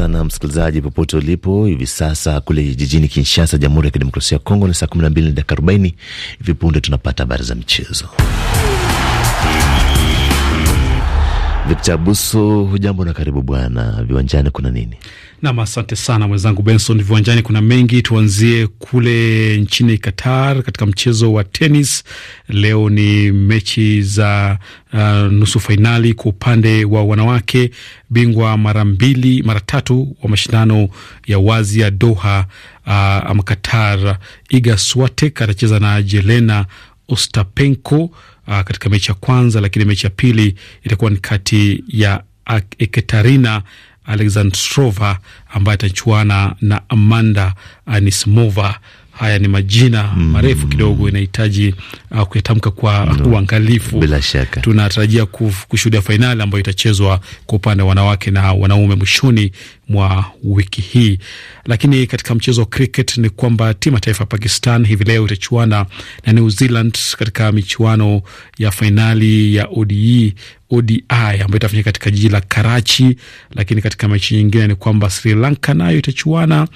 sana msikilizaji, popote ulipo hivi sasa. Kule jijini Kinshasa, Jamhuri ya Kidemokrasia ya Kongo ni saa 12 na dakika 40. Hivi punde tunapata habari za michezo. Victor Buso, hujambo na karibu bwana. Viwanjani kuna nini? Nam, asante sana mwenzangu Benson. Viwanjani kuna mengi. Tuanzie kule nchini Qatar katika mchezo wa tenis. Leo ni mechi za uh, nusu fainali kwa upande wa wanawake. Bingwa mara mbili mara tatu wa mashindano ya wazi ya Doha uh, ama Qatar, Iga Swiatek atacheza na Jelena Ostapenko uh, katika mechi ya kwanza, lakini mechi ya pili itakuwa ni kati ya Ekaterina Alexandrova ambaye atachuana na Amanda Anisimova. Haya ni majina mm, marefu kidogo, inahitaji uh, kuyatamka kwa no, uangalifu. Bila shaka tunatarajia kushuhudia fainali ambayo itachezwa kwa upande wa wanawake na wanaume mwishoni mwa wiki hii. Lakini katika mchezo wa cricket ni kwamba timu ya taifa ya Pakistan hivi leo itachuana na New Zealand katika michuano ya fainali ya ODI e, ODI ambayo itafanyika katika jiji la Karachi. Lakini katika mechi nyingine ni kwamba Sri Lanka nayo itachuana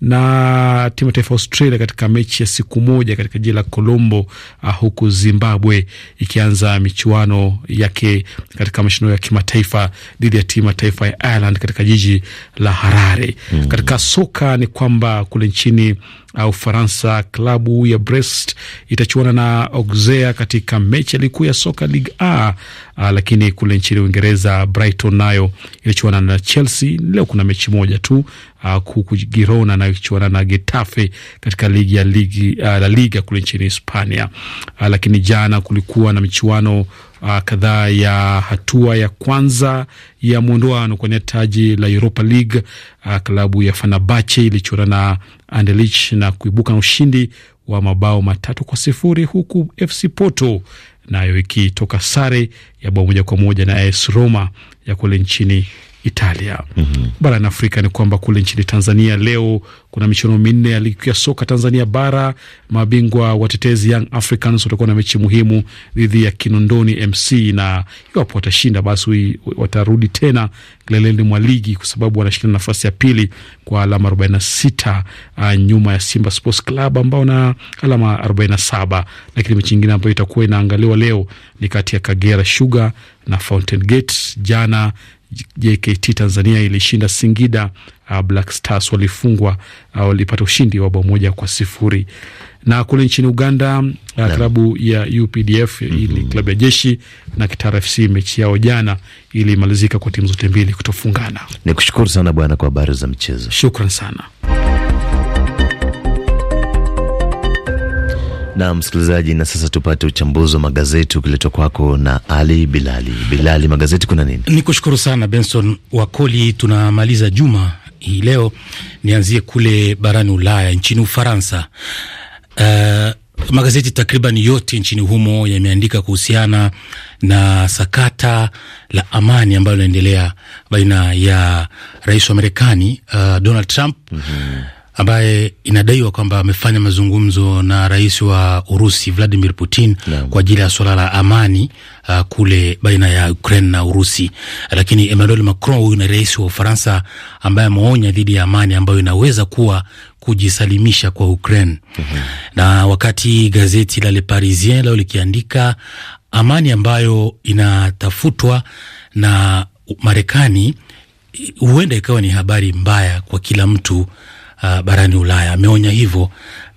na timu ya taifa Australia katika mechi ya siku moja katika jiji la Colombo, uh, huku Zimbabwe ikianza michuano yake katika mashindano ya kimataifa dhidi ya timu ya taifa ya Ireland katika jiji la Harare. mm. Katika soka ni kwamba kule nchini uh, Ufaransa, klabu ya Brest itachuana na Auxerre katika mechi alikuu ya soka Ligue A. Uh, lakini kule nchini Uingereza, Brighton nayo ilichuana na Chelsea. Leo kuna mechi moja tu uh, huku Girona nayo ikichuana na Getafe katika ligi ya ligi, La Liga kule nchini Hispania. Lakini jana kulikuwa na michuano uh, kadhaa ya hatua ya kwanza ya mwondoano kwenye taji la Europa League. Uh, klabu ya Fenerbahce ilichora na Anderlecht na kuibuka na ushindi wa mabao matatu kwa sifuri huku FC Porto nayo ikitoka sare ya bao moja kwa moja na AS Roma ya kule nchini Italia. mm -hmm. Barani Afrika ni kwamba kule nchini Tanzania leo kuna michuano minne ya ligi ya soka Tanzania bara. Mabingwa watetezi Young Africans watakuwa na mechi muhimu dhidi ya Kinondoni MC, na iwapo watashinda, basi watarudi tena kileleni mwa ligi kwa sababu wanashinda nafasi ya pili kwa alama 46, uh, ah, nyuma ya Simba Sports Club ambao na alama 47. Lakini mechi nyingine ambayo itakuwa inaangaliwa leo ni kati ya Kagera Sugar na Fountain Gate. Jana JKT Tanzania ilishinda Singida. Uh, Black Stars walifungwa uh, walipata ushindi wa bao moja kwa sifuri. Na kule nchini Uganda uh, klabu ya UPDF mm -hmm. ili klabu ya jeshi na Kitara FC mechi yao jana ilimalizika kwa timu zote mbili kutofungana. kushukuru sana bwana kwa habari za mchezo. Shukran sana. Na msikilizaji, na sasa tupate uchambuzi wa magazeti ukiletwa kwako na Ali Bilali. Bilali, magazeti kuna nini? Ni kushukuru sana Benson Wakoli. Tunamaliza juma hii leo, nianzie kule barani Ulaya, nchini Ufaransa. Uh, magazeti takriban yote nchini humo yameandika kuhusiana na sakata la amani ambalo linaendelea baina ya rais wa Marekani uh, Donald Trump mm -hmm ambaye inadaiwa kwamba amefanya mazungumzo na rais wa Urusi Vladimir Putin no. kwa ajili ya suala la amani uh, kule baina ya Ukraine na Urusi. Lakini Emmanuel Macron, huyu ni rais wa Ufaransa ambaye ameonya dhidi ya amani ambayo inaweza kuwa kujisalimisha kwa Ukraine. mm -hmm. Na wakati gazeti la Le Parisien lao likiandika amani ambayo inatafutwa na Marekani huenda ikawa ni habari mbaya kwa kila mtu uh, barani Ulaya. Ameonya hivyo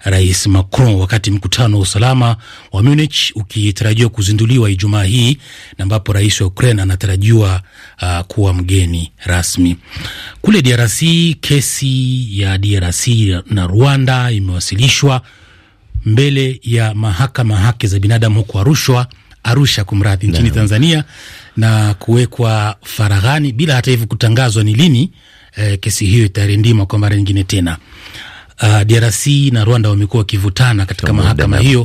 Rais Macron wakati mkutano wa usalama wa Munich ukitarajiwa kuzinduliwa Ijumaa hii na ambapo rais wa Ukraine anatarajiwa uh, kuwa mgeni rasmi. Kule DRC, kesi ya DRC na Rwanda imewasilishwa mbele ya mahakama haki za binadamu huko arushwa Arusha kumradhi, nchini Tanzania na kuwekwa faraghani bila hata hivyo kutangazwa ni lini eh, kesi hiyo itarindima kwa mara nyingine tena. Uh, ah, DRC na Rwanda wamekuwa wakivutana katika Shumu mahakama hiyo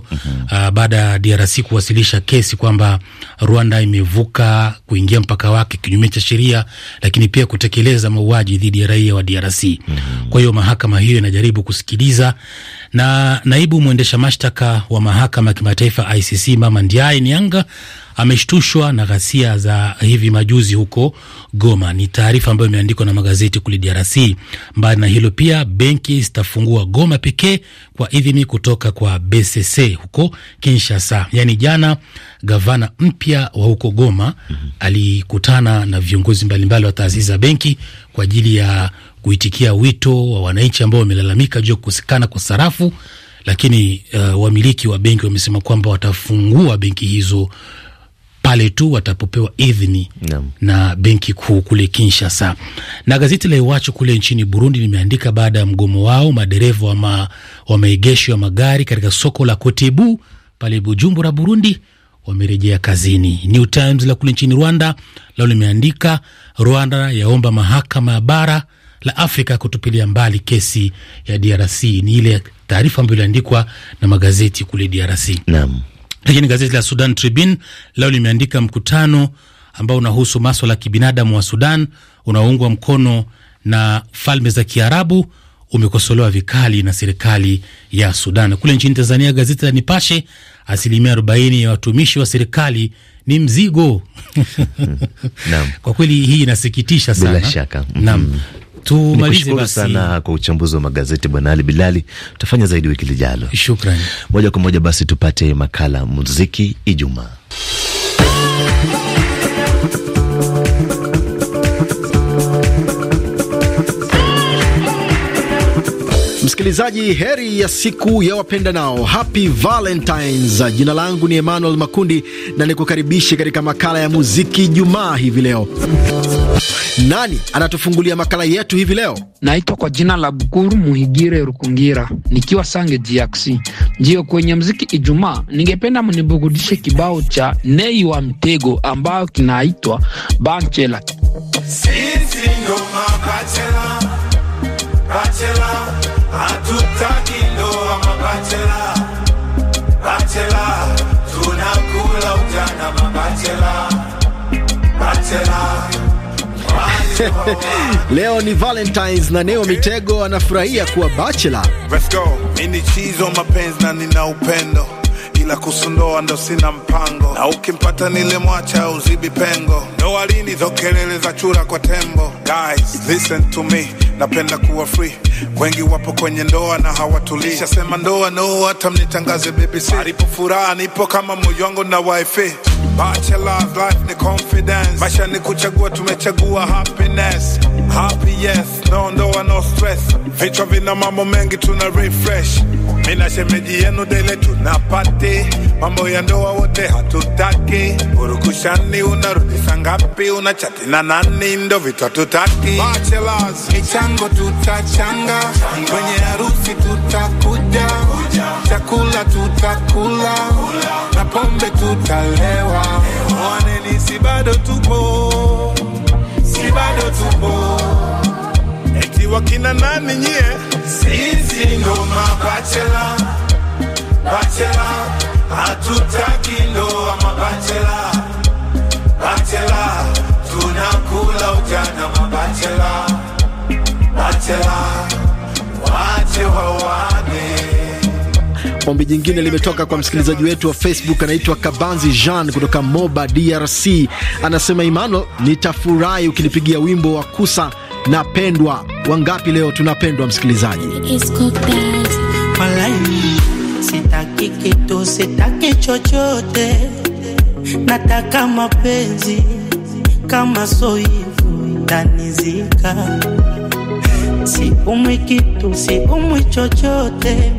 uh, baada ya DRC kuwasilisha kesi kwamba Rwanda imevuka kuingia mpaka wake kinyume cha sheria, lakini pia kutekeleza mauaji dhidi ya raia wa DRC. Mhm. Kwa hiyo mahakama hiyo inajaribu kusikiliza, na naibu mwendesha mashtaka wa mahakama ya kimataifa ICC Mama Ndiaye Nianga ameshtushwa na ghasia za hivi majuzi huko Goma. Ni taarifa ambayo imeandikwa na magazeti kule DRC. Mbali na hilo, pia benki zitafungua Goma pekee kwa idhini kutoka kwa BCC huko Kinshasa. Yaani jana gavana mpya wa huko Goma mm -hmm. alikutana na viongozi mbalimbali wa taasisi za benki kwa ajili ya kuitikia wito wa wananchi ambao wamelalamika juu ya kukosekana kwa sarafu, lakini uh, wamiliki wa benki wamesema kwamba watafungua benki hizo pale tu watapopewa idhini na, benki kuu kule Kinshasa. Na gazeti la Iwacho kule nchini Burundi limeandika baada ya mgomo wao madereva wa, ma, wa maegesho ya magari katika soko la Kotebu pale Bujumbura, Burundi wamerejea kazini. New Times la kule nchini Rwanda lao limeandika Rwanda yaomba mahakama ya bara la Afrika kutupilia mbali kesi ya DRC. Ni ile taarifa ambayo iliandikwa na magazeti kule DRC. Naam. Lakini gazeti la Sudan Tribune leo limeandika mkutano ambao unahusu maswala ya kibinadamu wa Sudan unaoungwa mkono na Falme za Kiarabu umekosolewa vikali na serikali ya Sudan. Kule nchini Tanzania, gazeti la Nipashe, asilimia 40 ya watumishi wa serikali ni mzigo. Kwa kweli hii inasikitisha sana. Bila shaka. Naam. Mm-hmm. Tumalize basi sana kwa uchambuzi wa magazeti Bwana Ali Bilali, tutafanya zaidi wiki lijalo. Shukrani. Moja kwa moja basi tupate makala muziki Ijumaa. Msikilizaji, heri ya siku ya wapenda nao, happy Valentines. Jina langu ni Emmanuel Makundi na nikukaribishe katika makala ya muziki Jumaa hivi leo. Nani anatufungulia makala yetu hivi leo? Naitwa kwa jina la Bukuru Muhigire Rukungira, nikiwa Sange GX. Ndiyo, kwenye mziki Ijumaa ningependa mnibugudishe kibao cha Nei wa Mtego ambayo kinaitwa Banchela. Sisi ndo mabachela, bachela hatutaki ndoa mabachela, bachela, tunakula ujana mabachela, bachela Leo ni Valentines na Neo Mitego anafurahia kuwa bachelor. Let's go. Mimi chizo mapenzi na nina upendo ila kusundoa ndo sina mpango, na ukimpata nile mwacha uzibi pengo. Ndoa lini? Zo za chura kwa tembo. Guys, listen to me, napenda kuwa free Wengi wapo kwenye ndoa na hawatulii, shasema ndoa no, hata mnitangaze BBC. Alipo furaha nipo kama moyo wangu na wife Bachelor life ni confidence, maisha ni kuchagua, tumechagua happiness. Happy yes, no ndoa no stress, vichwa vina mambo mengi tuna refresh mina shemeji yenu dele tunapate mambo ya ndoa wote hatutaki urukushani unarudisha ngapi unachati na nani ndo vitu hatutaki michango tutachanga kwenye harusi tutakuja chakula tutakula na pombe tutalewa mwaneni si bado tupo si bado tupo eti wakina nani nyie sisi ndo mabachela, bachela, hatutaki ndoa mabachela, bachela, tunakula ujana mabachela, bachela, wache wawane. Ombi jingine limetoka kwa msikilizaji wetu wa Facebook, anaitwa Kabanzi Jean kutoka Moba, DRC. Anasema Imano, nitafurahi ukinipigia wimbo wa Kusa napendwa. Wangapi leo tunapendwa, msikilizaji? Sitaki kitu, sitaki chochote, nataka mapenzi kama soivu ndanizika, siumwi kitu, siumwi chochote,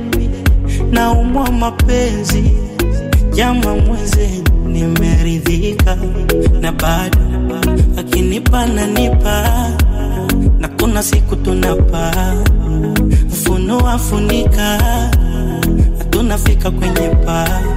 naumwa mapenzi jama mwezenu, nimeridhika na bado akinipana nipa kuna siku tunapaa, mfuno wafunika, tunafika kwenye paa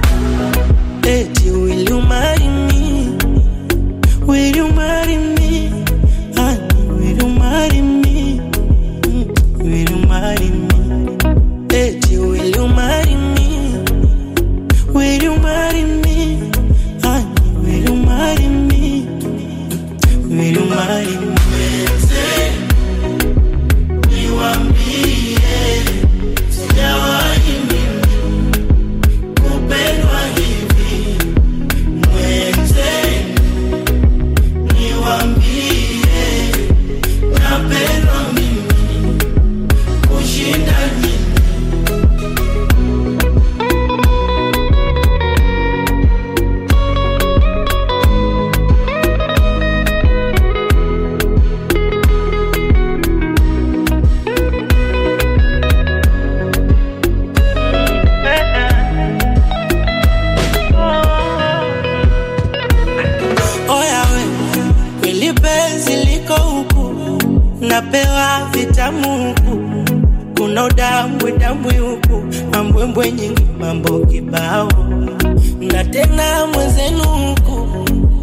na mwenzenu huku,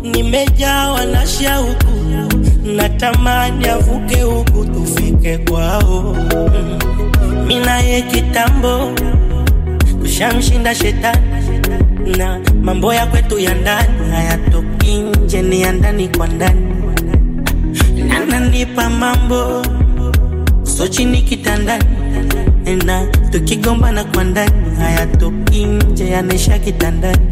nimejawa na shauku, natamani avuke huku tufike kwao. Minaye kitambo tushamshinda shetani, na mambo ya kwetu ya ndani hayatoki nje, ni ya ndani kwa ndani. Nananipa mambo so chini kitandani na tukigombana kwa ndani hayatoki nje, yanesha kitandani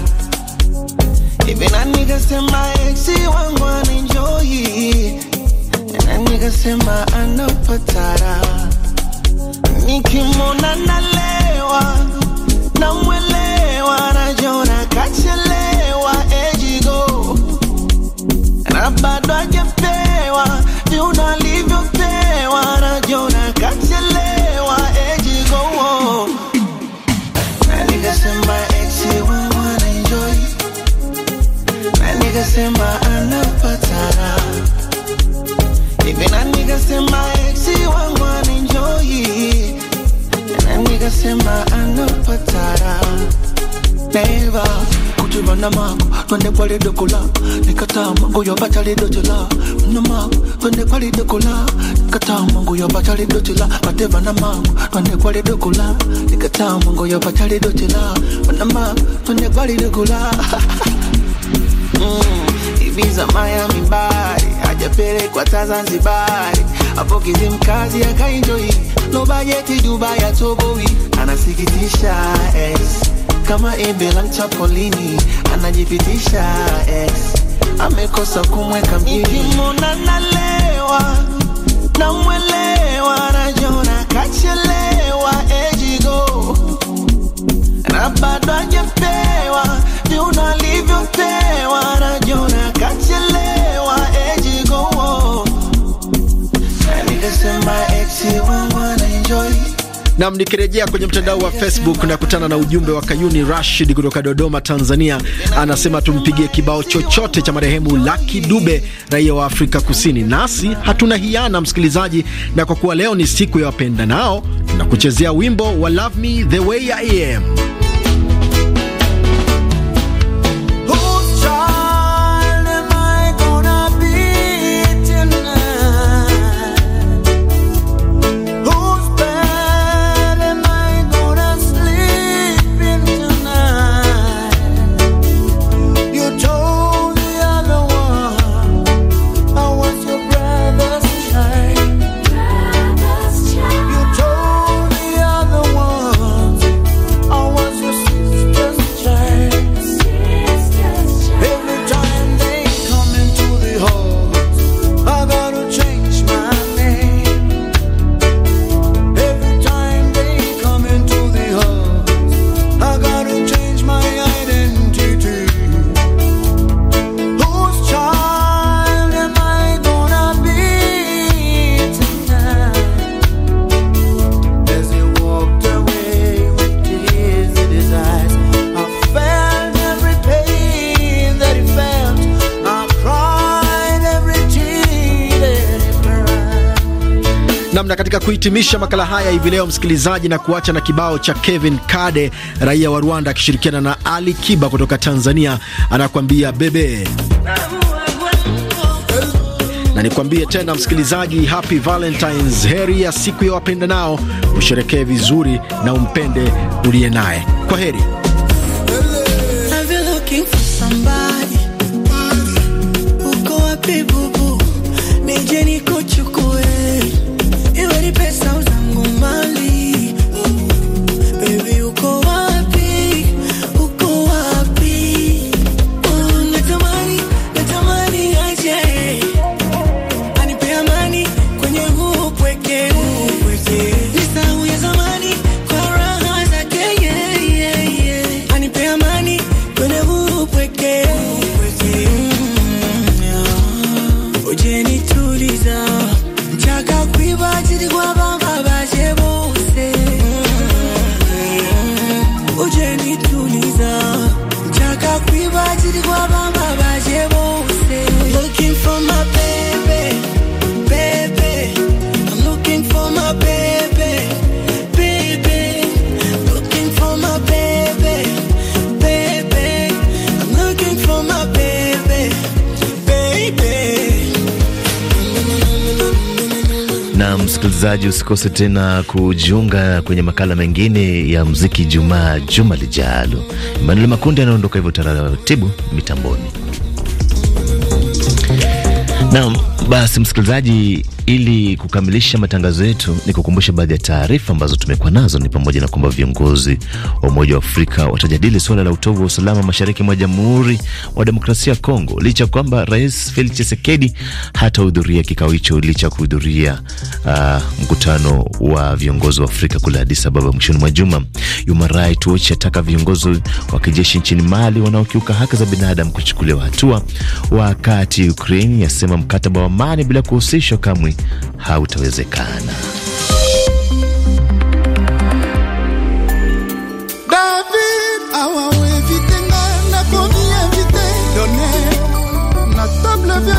hivi na nikasema ex wangu anenjoi na nikasema anapatara nikimona nalewa namwelewa najona kachelewa ejigo na bado ajapewa viunalivyopewa najona kachelewa nikasema anapata hivi, na nikasema wangu aninjoi, na nikasema anapata neva kutulana mako twende kwa lidokola nikataa mwangu yopata lidotela mna mako twende kwa lidokola nikataa mwangu yopata lidotela mateva na mangu twende kwa lidokola nikataa mwangu yopata lidotela mna mako twende kwa lidokola Mm. Ibiza Miami bari hajapelekwa ta Zanzibari hapo kizimkazi akainjoi no bajeti Dubai atoboi anasikitisha ex eh. kama embe la mchapolini anajipitisha ex eh. amekosa kumweka mjini ikimona nalewa namwelewa najona kachelewa ejigo eh, na bado Nam, nikirejea kwenye mtandao wa Facebook nakutana na ujumbe wa Kayuni Rashid kutoka Dodoma, Tanzania. Anasema tumpigie kibao chochote cha marehemu Lucky Dube, raia wa Afrika Kusini, nasi hatuna hiana msikilizaji, na kwa kuwa leo ni siku ya wapenda nao, tunakuchezea wimbo wa Love Me The Way I Am. namna katika kuhitimisha makala haya hivi leo, msikilizaji, na kuacha na kibao cha Kevin Kade, raia wa Rwanda, akishirikiana na Ali Kiba kutoka Tanzania, anakuambia bebe na nikwambie tena msikilizaji, happy Valentines, heri ya siku ya wapenda nao. Usherekee vizuri na umpende uliye naye. Kwa heri. Msikilizaji, usikose tena kujiunga kwenye makala mengine ya muziki jumaa juma lijalo. Emanuel Makundi anaondoka hivyo taratibu mitamboni. Naam, basi msikilizaji ili kukamilisha matangazo yetu, ni kukumbusha baadhi ya taarifa ambazo tumekuwa nazo ni pamoja na kwamba viongozi wa Umoja wa Afrika watajadili suala la utovu wa usalama mashariki mwa Jamhuri wa Demokrasia ya Kongo, licha ya kwamba Rais Felix Tshisekedi hatahudhuria kikao hicho, licha ya kuhudhuria uh, mkutano wa viongozi wa Afrika kule Addis Ababa mwishoni mwa juma. Human Rights Watch yataka viongozi wa kijeshi nchini Mali wanaokiuka haki za binadamu kuchukuliwa hatua, wakati Ukraini yasema mkataba wa amani bila kuhusishwa kamwe kamwe hautawezekana.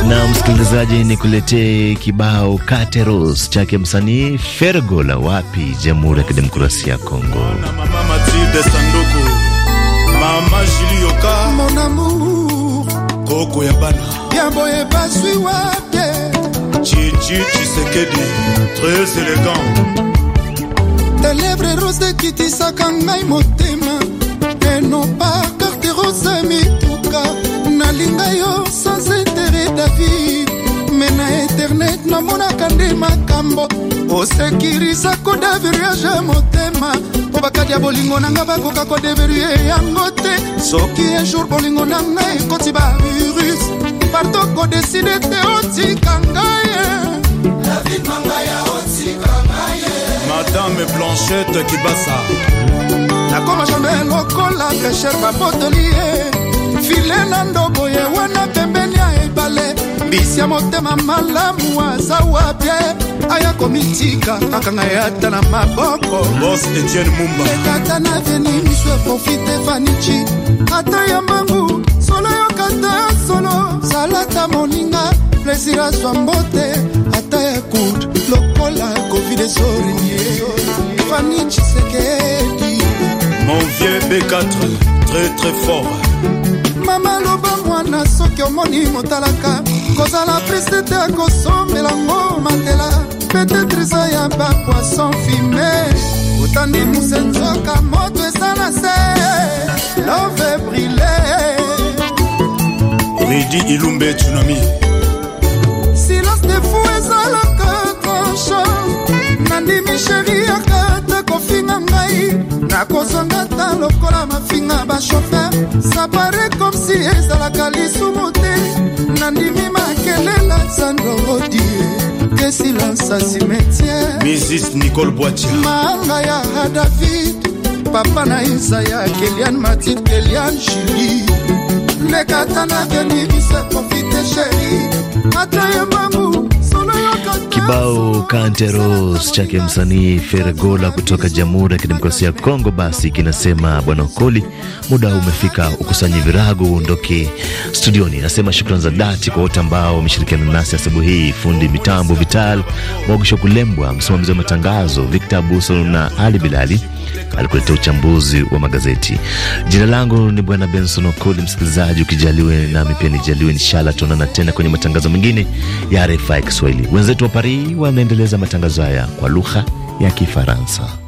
na msikilizaji, ni kuletee kibao Kateros chake msanii Fergo la wapi, Jamhuri ya Kidemokrasia ya Kongo. Mama Chichi Chisekedi, très élégant. Tes lèvres roses ekitisaka ngai motema enopa karte rose mituka nalinga yo sans intere david me na internet namonaka nde makambo osekirisako daviriage motema mpo bakadi ya bolingo na ngai bakoka kodeverie yango te soki ejour bolingo na ngai ekoti bavirus partoko deside te otika ngai madame blanchette kibasa nakoma jamai lokola pesher babotoli ye file na ndoboye wana pembeni ya ebale mbisi ya motema malamu aza wapye aya komitika akanga ta na maboko bos etienne mumba ekata na veni monsieur profite fanichi ata ya mbangu solo yokata solo salata moninga plesir azwa good lokola covid fani mon vieux b4 très très fort mama loba mwana soki omoni motalaka kozala prisite kosomelango matela petetre eza ya bapoisson poisson otandi mosenzoka moto eza na se love brile ridi ilumbe tsunami nakozonga ta lokola mafinga bashofer sapare comme si ezalaka lisumu te nandimi makelela zando rodie ke silence a cimetière misis nicole boitia maanga ya hadavid papa na isaya kelian matit kelian juli lekata na venimisa profite sheri ata ye Kibao Kanteros chake msanii Feregola kutoka Jamhuri ya Kidemokrasia ya Kongo basi kinasema bwana Okoli, muda umefika ukusanyi virago uondoke studioni. Nasema shukrani za dhati kwa wote ambao wameshirikiana nasi asubuhi hii, fundi mitambo Vital Mwagisho Kulembwa, msimamizi wa matangazo Victor Buso na Ali Bilali alikuletea uchambuzi wa magazeti. Jina langu ni Bwana Benson Okoli. Msikilizaji, ukijaliwe nami pia nijaliwe, inshallah tuonana tena kwenye matangazo mengine ya RFI Kiswahili. Wenzetu wa Paris wanaendeleza matangazo haya kwa lugha ya Kifaransa.